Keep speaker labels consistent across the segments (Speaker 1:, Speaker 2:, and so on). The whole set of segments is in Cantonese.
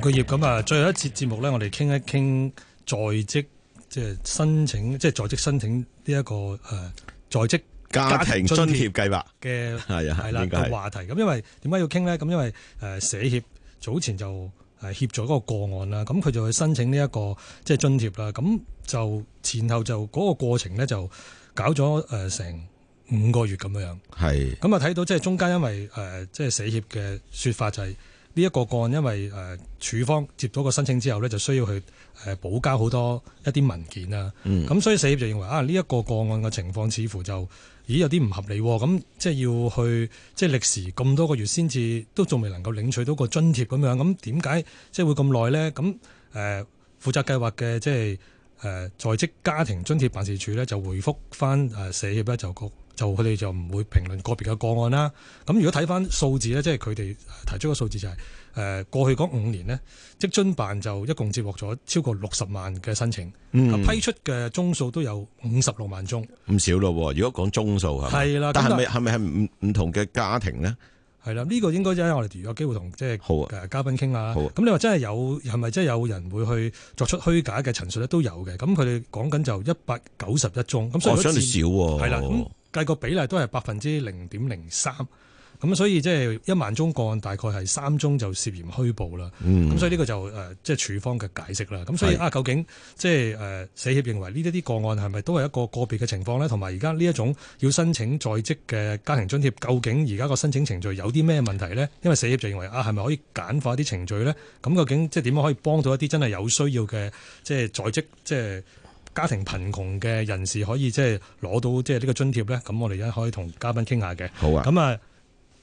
Speaker 1: 巨咁啊！最後一節節目咧，我哋傾一傾在職即係申請，即係在職申請呢、這、一個誒、呃、在職家庭津貼計劃嘅係啊係啦話題。咁因為點解要傾咧？咁因為誒社協早前就協助嗰個個案啦，咁佢就去申請呢、這、一個即係津貼啦。咁就前後就嗰、那個過程咧，就搞咗誒、呃、成五個月咁樣樣。係咁啊，睇到即係中間，因為誒、呃、即係社協嘅説法就係、是。呢一個個案，因為誒署、呃、方接到個申請之後咧，就需要去誒、呃、補交好多一啲文件啦。咁、嗯、所以社協就認為啊，呢、這、一個個案嘅情況似乎就咦有啲唔合理喎、哦。咁即係要去即係歷時咁多個月先至都仲未能夠領取到個津貼咁樣。咁點解即係會咁耐咧？咁誒負責計劃嘅即係誒在職家庭津貼辦事處咧，就回覆翻誒社協咧就告。就佢哋就唔會評論個別嘅個案啦。咁如果睇翻數字咧，即係佢哋提出個數字就係、是、誒過去嗰五年呢，職津辦就一共接獲咗超過六十萬嘅申請，嗯、批出嘅宗數都有五十六萬宗，
Speaker 2: 唔少咯。如果講宗數係，係啦，但係咪係咪係唔唔同嘅家庭呢？
Speaker 1: 係啦，呢、這個應該就係我哋有機會同即係好誒嘉賓傾下。咁、啊啊、你話真係有係咪真係有人會去作出虛假嘅陳述咧？都有嘅。咁佢哋講緊就一百九十一宗。咁、哦、所以我想少係、啊、啦。計個比例都係百分之零點零三，咁所以即係一萬宗個案，大概係三宗就涉嫌虛報啦。嗯。咁所以呢個就誒即係處方嘅解釋啦。咁所以啊，究竟即係誒社協認為呢一啲個案係咪都係一個個別嘅情況咧？同埋而家呢一種要申請在職嘅家庭津貼，究竟而家個申請程序有啲咩問題咧？因為社協就認為啊，係咪可以簡化啲程序咧？咁究竟即係點樣可以幫到一啲真係有需要嘅即係在職即係？家庭貧窮嘅人士可以即係攞到即係呢個津貼咧，咁我哋咧可以同嘉賓傾下嘅。好啊，咁啊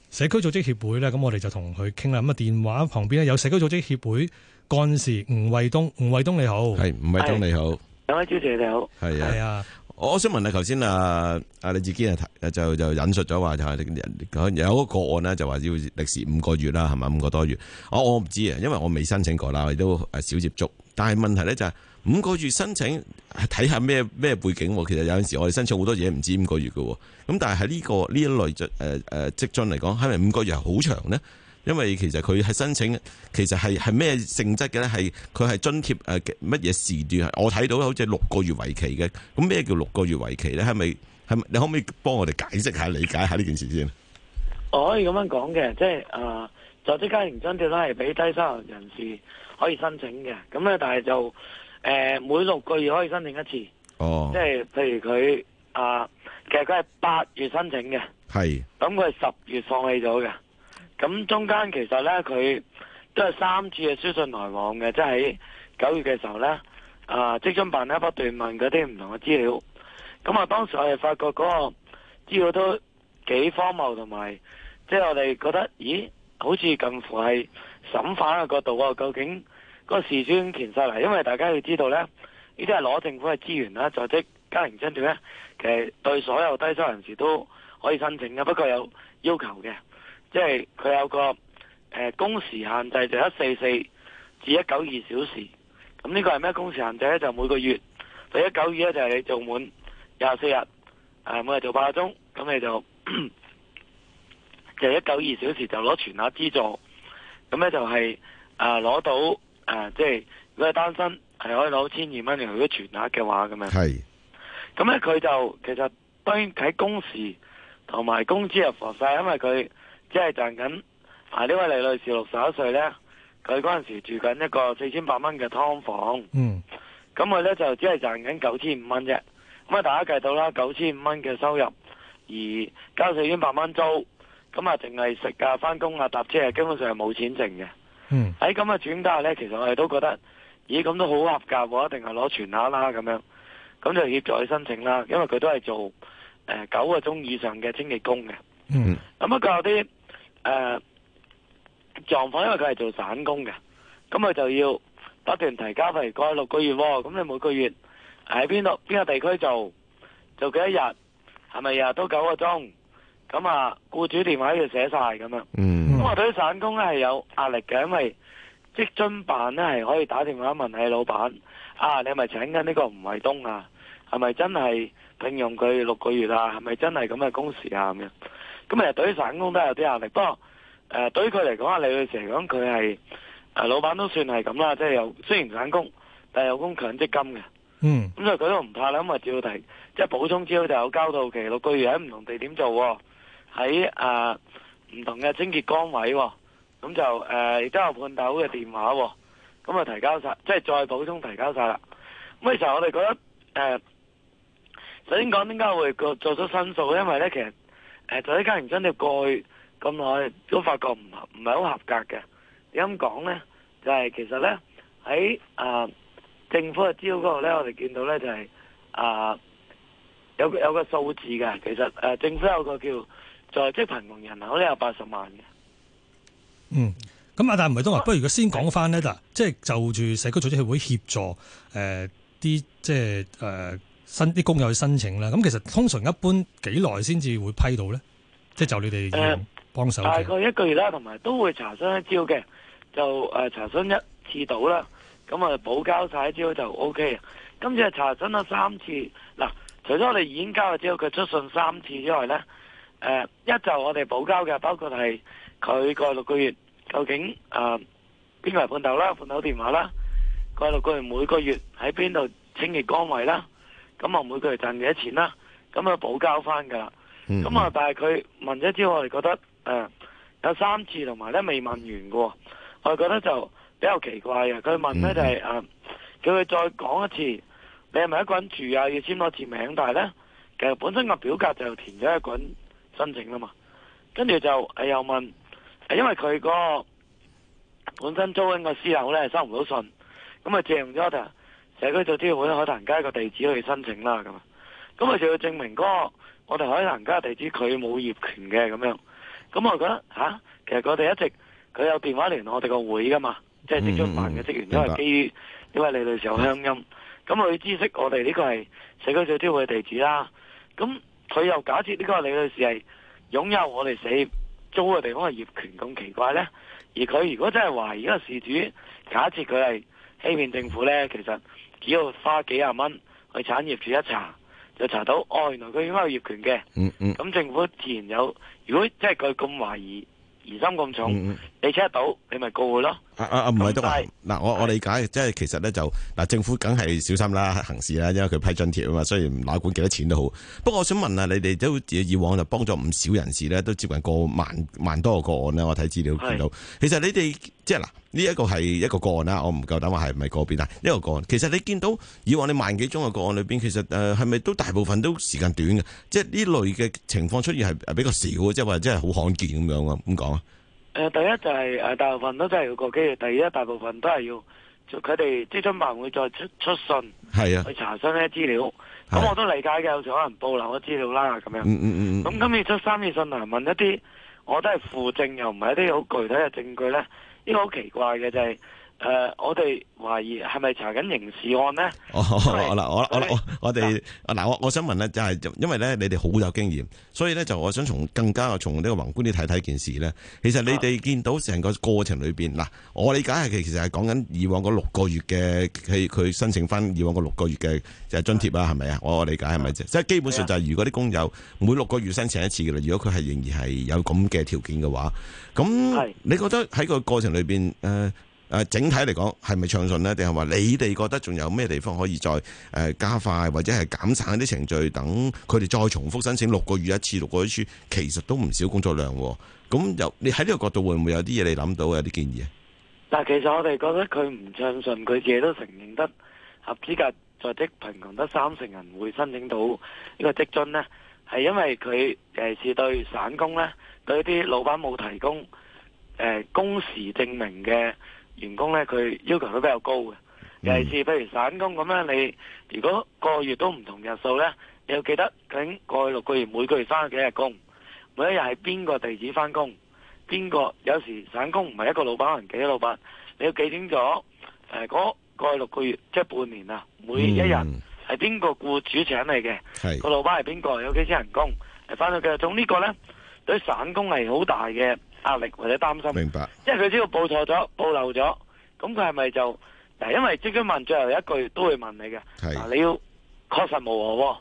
Speaker 1: 社區組織協會咧，咁我哋就同佢傾啦。咁啊電話旁邊咧有社區組織協會幹事吳衞東，吳衞東你好，係吳衞東你好，
Speaker 3: 各位主持你
Speaker 2: 好，係啊，係啊，我想問啊，頭先啊啊李志堅啊就就引述咗話就係有個個案呢，就話要歷時五個月啦，係咪？五個多月，哦、我我唔知啊，因為我未申請過啦，我亦都少接觸，但係問題咧就係、是。五個月申請睇下咩咩背景，其實有陣時候我哋申請好多嘢唔止五個月嘅，咁但係喺呢個呢一類誒誒積金嚟講，係、呃、咪五個月係好長呢？因為其實佢係申請，其實係係咩性質嘅咧？係佢係津貼誒乜嘢時段？我睇到好似六個月為期嘅，咁咩叫六個月為期咧？係咪係咪？你可唔可以幫我哋解釋下、理解下呢件事先？
Speaker 3: 我可以咁樣講嘅，即係誒，就、呃、職家庭津貼咧係俾低收入人士可以申請嘅，咁咧但係就。誒，每六個月可以申請一次，哦、即係譬如佢啊，其實佢係八月申請嘅，係是，咁佢係十月放棄咗嘅，咁中間其實咧佢都係三次嘅書信來往嘅，即係喺九月嘅時候咧啊，職津辦呢不斷問嗰啲唔同嘅資料，咁啊當時我哋發覺嗰個資料都幾荒謬同埋，即係我哋覺得，咦，好似近乎係審犯嘅角度啊，究竟？個時薪填曬嚟，因為大家要知道呢，呢啲係攞政府嘅資源啦，就在職家庭津貼呢，其實對所有低收人士都可以申請嘅，不過有要求嘅，即係佢有個工、呃、時限制，就一四四至一九二小時。咁呢個係咩工時限制呢？就每個月第一九二呢，就係你做滿廿四日，誒、呃、每日做八個鐘，咁你就 就一九二小時就攞全額資助。咁呢就係、是、攞、呃、到。誒、啊，即係如果係單身，係可以攞千二蚊定係佢全額嘅話咁樣？係是，咁咧佢就其實當然喺工時同埋工資入房晒，因為佢只係賺緊。啊、這個、呢位李女士六十一歲咧，佢嗰陣時候住緊一個四千八蚊嘅劏房，嗯，咁佢咧就只係賺緊九千五蚊啫。咁啊大家計到啦，九千五蚊嘅收入，而交四千八蚊租，咁啊淨係食啊翻工啊搭車，係基本上係冇錢剩嘅。喺咁嘅轉嫁咧，其實我哋都覺得，咦咁都好合格喎，我一定係攞全額啦咁樣，咁就協助佢申請啦。因為佢都係做誒九個鐘以上嘅清潔工嘅。嗯、mm。咁、呃、啊，佢有啲誒狀況，因為佢係做散工嘅，咁佢就要不斷提交，譬如過去六個月，咁你每個月喺邊度、邊個地區做，做幾多日，係咪日日都九個鐘？咁啊，雇主電話喺度寫晒咁啊。咁啊，對於散工咧係有壓力嘅，因為職津辦咧係可以打電話問你老闆，啊，你係咪請緊呢個吳衞東啊？係咪真係聘用佢六個月啊？係咪真係咁嘅工時啊？咁啊，對於散工都有啲壓力。不過誒，對於佢嚟講啊，你去成日講佢係誒老闆都算係咁啦，即係有雖然散工，但係有供強積金嘅。嗯。咁所以佢都唔怕啦，咁啊照提，即係補充資料就有交到期六個月喺唔同地點做。喺啊唔同嘅清潔崗位，咁、哦、就誒亦都有判頭嘅電話，咁、哦、啊提交晒，即係再補充提交晒啦。咁其實我哋覺得誒、呃，首先講點解會個作出申訴咧？因為咧其實誒、呃，就啲家庭津貼過去咁耐都發覺唔唔係好合格嘅。點樣講咧？就係、是、其實咧喺啊政府嘅資料嗰度咧，我哋見到咧就係、是、啊、呃、有有個數字嘅，其實誒、呃、政府有個叫。在即係貧窮人口都有八十萬
Speaker 1: 嘅。嗯，咁阿大唔係都話，不如佢先講翻咧，嗱、啊，即就住社區組織協會協助啲即係新啲工友去申請啦。咁其實通常一般幾耐先至會批到咧？即、就、係、是、就你哋幫手、呃。大
Speaker 3: 概一個月啦，同埋都會查詢一招嘅，就、呃、查詢一次到啦。咁啊，補交晒一招就 OK。今次係查詢咗三次，嗱、呃，除咗我哋已經交咗之後佢出信三次之外咧。誒、呃，一就我哋補交嘅，包括係佢過六個月究竟誒邊個係判頭啦，判頭電話啦，過六個月每個月喺邊度清潔崗位啦，咁啊每個月賺幾多錢啦，咁啊補交翻噶，咁啊、嗯嗯嗯、但係佢問咗之後，我哋覺得誒、呃、有三次同埋咧未問完喎。我哋覺得就比較奇怪呀。佢問咧就係誒叫佢再講一次，你係咪一個人住啊？要簽多次名，但係咧其實本身個表格就填咗一個人。申請啦嘛，跟住就誒又問，因為佢個本身租緊個私樓咧收唔到信，咁啊借用咗就社區組織會海壇街個地址去申請啦咁，咁啊就要證明過我哋海壇街嘅地址佢冇業權嘅咁樣，咁我就覺得吓、啊，其實佢哋一直佢有電話聯絡我哋個會噶嘛，即係職津辦嘅職員因係基於、嗯、因為你哋成有鄉音，咁佢知識我哋呢個係社區組織會嘅地址啦，咁。佢又假設呢個李女士係擁有我哋死租嘅地方嘅業權，咁奇怪呢？而佢如果真係懷疑嗰個事主假設佢係欺騙政府呢，其實只要花幾廿蚊去產業處一查，就查到哦，原來佢應該有業權嘅。咁、嗯嗯、政府自然有。如果即係佢咁懷疑。疑心
Speaker 2: 咁重，你 check 得到，你咪告佢咯。啊啊啊，唔係都係。嗱，我我理解，即係其實咧就嗱，政府梗係小心啦，行事啦，因為佢批津貼啊嘛。雖然唔理管幾多錢都好。不過我想問啊，你哋都以往就幫咗唔少人士咧，都接近過萬萬多個個案咧。我睇資料見到，其實你哋。即係嗱，呢、這、一個係一個個案啦，我唔夠膽話係咪嗰邊啊？呢個個案，其實你見到以往你萬幾宗嘅個案裏邊，其實誒係咪都大部分都時間短嘅？即係呢類嘅情況出現係比較少，即係話即係好罕見咁樣啊？咁講啊？誒、
Speaker 3: 呃，第一就係、是、誒大部分都真係要過機，第二大部分都係要佢哋職津辦會再出出信，係啊，去查詢啲資料。咁、啊、我都理解嘅，有時可能報留咗資料啦，咁樣。嗯咁、嗯、今次出三頁信嚟問一啲，我都係附證又唔係一啲好具體嘅證據咧。呢個好奇怪嘅就係。
Speaker 2: 誒、呃，我哋懷疑係咪查緊刑事案咧？哦、oh，好啦 Okay.，我我我哋嗱，我我，我，我想問咧，就係、是、因為咧，你哋好有經驗，所以咧，就我想從更加啊，從呢個宏觀啲睇睇件事咧。其實你哋見到成個過程裏邊，嗱，我理解係其實係講緊以往嗰六個月嘅，佢佢申請翻以往嗰六個月嘅就係津貼啊，係咪啊？我理解係咪啫？Yeah. 即係基本上就係，如果啲工友每六個月申請一次嘅啦，如果佢係仍然係有咁嘅條件嘅話，咁你覺得喺個過程裏邊誒？呃誒整體嚟講係咪暢順呢？定係話你哋覺得仲有咩地方可以再誒加快，或者係減省啲程序？等佢哋再重複申請六個月一次，六個月一次，其實都唔少工作量喎。咁由你喺呢個角度會唔會有啲嘢你諗到有啲建議啊？
Speaker 3: 但係其實我哋覺得佢唔暢順，佢自己都承認得合資格在職貧窮得三成人會申請到呢個職津呢。係因為佢尤其是對散工呢，對啲老闆冇提供誒工時證明嘅。員工咧佢要求都比較高嘅，尤其是，譬如散工咁啦，你如果個月都唔同日數咧，你要記得等過去六個月每個月翻咗幾日工，每一日係邊個地址翻工，邊個有時散工唔係一個老闆，可能幾多老闆，你要記清楚。誒，嗰過去六個月即係半年啊，每一日係邊個雇主請你嘅，個老闆係邊個，有幾錢人工，係翻咗幾日。總呢個咧對散工係好大嘅。壓力或者擔心，明白，即係佢只要報錯咗，報漏咗，咁佢係咪就嗱？因為即刻問最後一句都會問你嘅，係是你要確實無喎。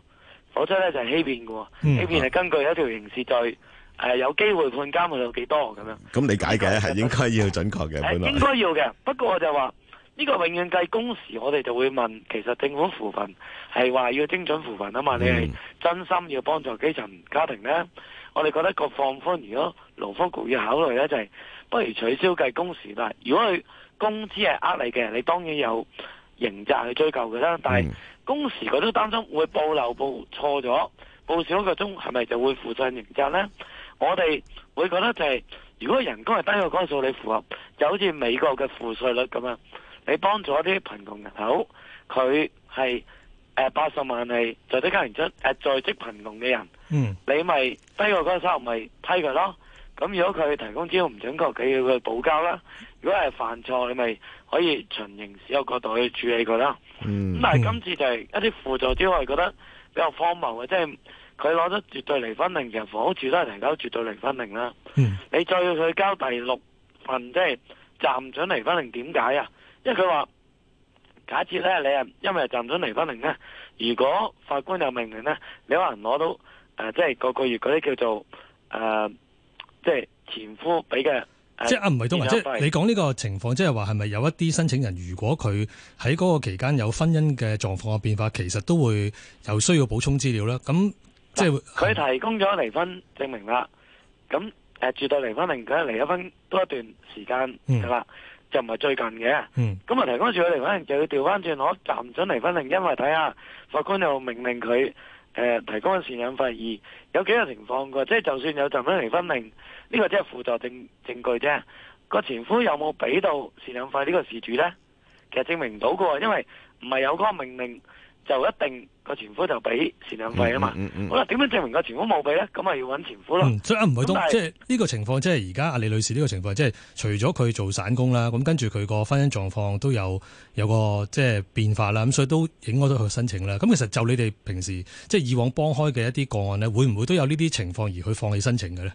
Speaker 3: 否則咧就係欺騙嘅，嗯、欺騙係根據一條刑事罪，誒、呃、有機會判監判有幾多咁樣。
Speaker 2: 咁、嗯、你解解係應該要準確嘅，本來應該
Speaker 3: 要嘅。 不過我就話呢、這個永遠計工時，我哋就會問，其實政府扶貧係話要精準扶貧啊嘛？嗯、你係真心要幫助基層家庭咧？我哋覺得個放寬，如果勞福局要考慮咧，就係不如取消計工時。但係如果佢工資係呃你嘅，你當然有刑責去追究嘅啦。但係工時佢都擔心會報漏報錯咗，報少一個鐘係咪就會負責任？刑責咧？我哋會覺得就係如果人工係低過嗰個數，你符合就好似美國嘅負稅率咁樣，你幫助一啲貧窮人口，佢係。誒，八十萬係在職家庭出誒，在職貧窮嘅人，嗯、你咪低過嗰個收入咪批佢咯。咁如果佢提供資料唔準確，佢要佢補交啦。如果係犯錯，你咪可以循刑事角度去處理佢啦。咁、嗯、但係今次就係一啲輔助之外，我覺得比較荒謬嘅，嗯、即係佢攞咗絕對離婚令，其實好似都係提交絕對離婚令啦。你再要佢交第六份，即係暫准離婚令，點解啊？因為佢話。假設咧，你係因為暫准離婚令咧，如果法官又命令咧，你有可能攞到誒、呃，即係個個月嗰啲叫做誒、呃，即係前夫俾嘅，呃、即係阿吳衞東，即係你
Speaker 1: 講呢個情況，即係話係咪有一啲申請人，如果佢喺嗰個期間有婚姻嘅狀況嘅變化，其實都會有需要補充資料啦。咁
Speaker 3: 即係佢提供咗離婚證明啦，咁誒、呃，絕對離婚令，佢離咗婚多一段時間嘅啦。嗯就唔係最近嘅，咁啊提供住個離婚令就要調翻轉，攞暫准離婚令，因為睇下法官又命令佢誒提供贍養費，而有幾樣情況嘅，即係就算有暫准離婚令，呢個只係輔助證證據啫，個前夫有冇俾到贍養費呢個事主咧，其實證明唔到嘅，因為唔係有個命令就一定。個前夫就俾贍養費啊嘛，嗯嗯嗯、好啦，點樣證明個前夫冇俾咧？咁咪要揾前夫咯。嗯，所以係阿吳衞東，即係
Speaker 1: 呢個情況，即係而家阿李女士呢個情況，即係除咗佢做散工啦，咁跟住佢個婚姻狀況都有有個即係變化啦，咁所以都影響到佢申請啦。咁其實就你哋平時即係以往幫開嘅一啲個案咧，會唔會都有呢啲情況而去放棄申請嘅咧？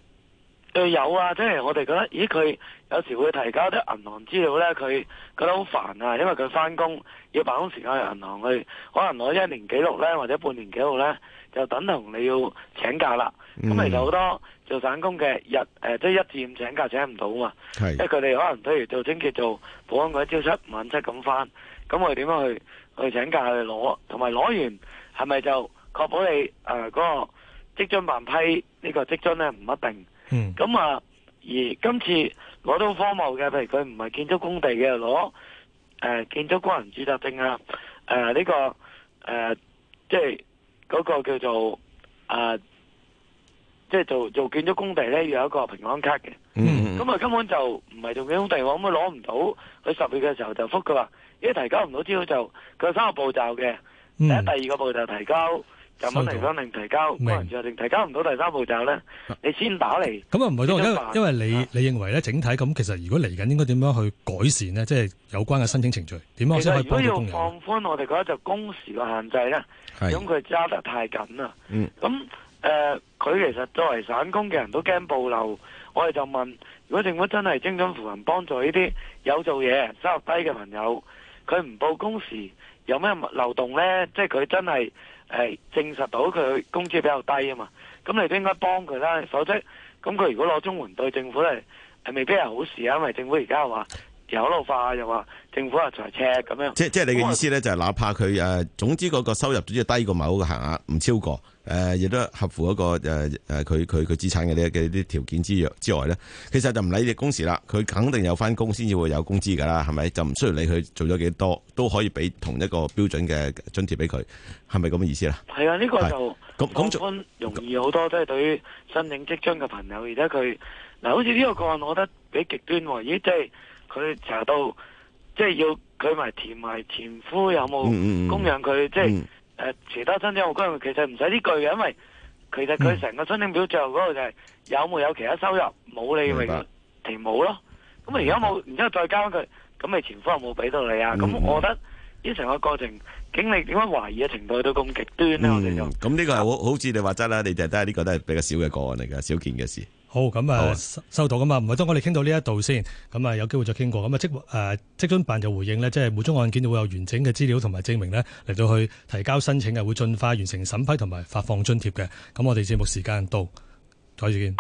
Speaker 3: 對，有啊，即係我哋覺得，咦，佢有時會提交啲銀行資料咧，佢覺得好煩啊，因為佢翻工要辦公時間去銀行去，可能攞一年紀錄咧，或者半年紀錄咧，就等同你要請假啦。咁其實好多做散工嘅日誒，即係一至五請假請唔到啊嘛。係，因為佢哋可能譬如做清潔做保安嗰啲朝七晚七咁翻，咁我哋點樣去去請假去攞？同埋攞完係咪就確保你誒嗰個職津辦批呢個職津咧？唔一定。嗯，咁啊，而今次攞到科目嘅，譬如佢唔係建築工地嘅，攞誒、呃、建築工人註冊證啊，誒、呃、呢、這個誒、呃、即係嗰個叫做、呃、即係做做建築工地咧，要有一個平安卡嘅。咁啊、嗯、根本就唔係做建築工地，我根本攞唔到。佢十月嘅時候就復佢話，一提交唔到之後就佢有三個步驟嘅，第一、第二個步驟提交。有冇嚟講定提交？冇人做定提交唔到第三步驟咧？你先打嚟。咁啊，唔係都因因為
Speaker 1: 你你認為咧整體咁，其實如果嚟緊應該點樣去改善咧？即係有關嘅申請程序點樣先可以幫工人？如果要
Speaker 3: 放寬我哋覺得就工時嘅限制咧，咁佢揸得太緊啦。咁誒，佢其實作為散工嘅人都驚暴露。我哋就問：如果政府真係精準扶貧幫助呢啲有做嘢收入低嘅朋友，佢唔報工時有咩漏洞咧？即係佢真係。係證實到佢工資比較低啊嘛，咁你都應該幫佢啦。否則，咁佢如果攞綜援對政府咧，係未必係好事啊，因為政府而家話。又老化又話政府又財赤咁樣，即即係你嘅意思咧，
Speaker 2: 就係、是、哪怕佢誒，總之嗰個收入只要低過某個限額，唔超過誒，亦、呃、都合乎嗰個誒誒，佢佢佢資產嘅啲啲條件之之外咧，其實就唔理你工時啦，佢肯定有翻工先至會有工資噶啦，係咪？就唔需要你去做咗幾多，都可以俾同一個標準嘅津貼俾佢，係咪咁嘅意思啦？係啊，
Speaker 3: 呢個就咁咁容易好多，都係對於申請職津嘅朋友，而家佢嗱，好似呢個個案，我覺得比較極端喎，咦，即係。佢查到即係要佢咪填埋前夫嗯嗯嗯嗯，有冇供養佢？即係誒、嗯嗯嗯呃，其他申請我嗰度其實唔使呢句嘅，因為其實佢成個申請表最後嗰度就係有冇有其他收入，冇你咪明白 填冇咯。咁啊，而家冇，然之後再加佢，咁你前夫有冇俾到你啊？咁、嗯嗯嗯、我覺得呢成個過程經歷點解懷疑嘅程度都咁極端
Speaker 2: 咧？我哋就咁呢個係好好似你話齋啦，你哋都係呢個都係比較少嘅個案嚟嘅，少見嘅事。
Speaker 1: 好咁啊，啊收到咁啊，唔係當，我哋傾到呢一度先，咁啊，有機會再傾過。咁啊、呃，即誒，即職津辦就回應呢，即係每宗案件都會有完整嘅資料同埋證明呢，嚟到去提交申請啊，會盡快完成審批同埋發放津貼嘅。咁我哋節目時間到，再見。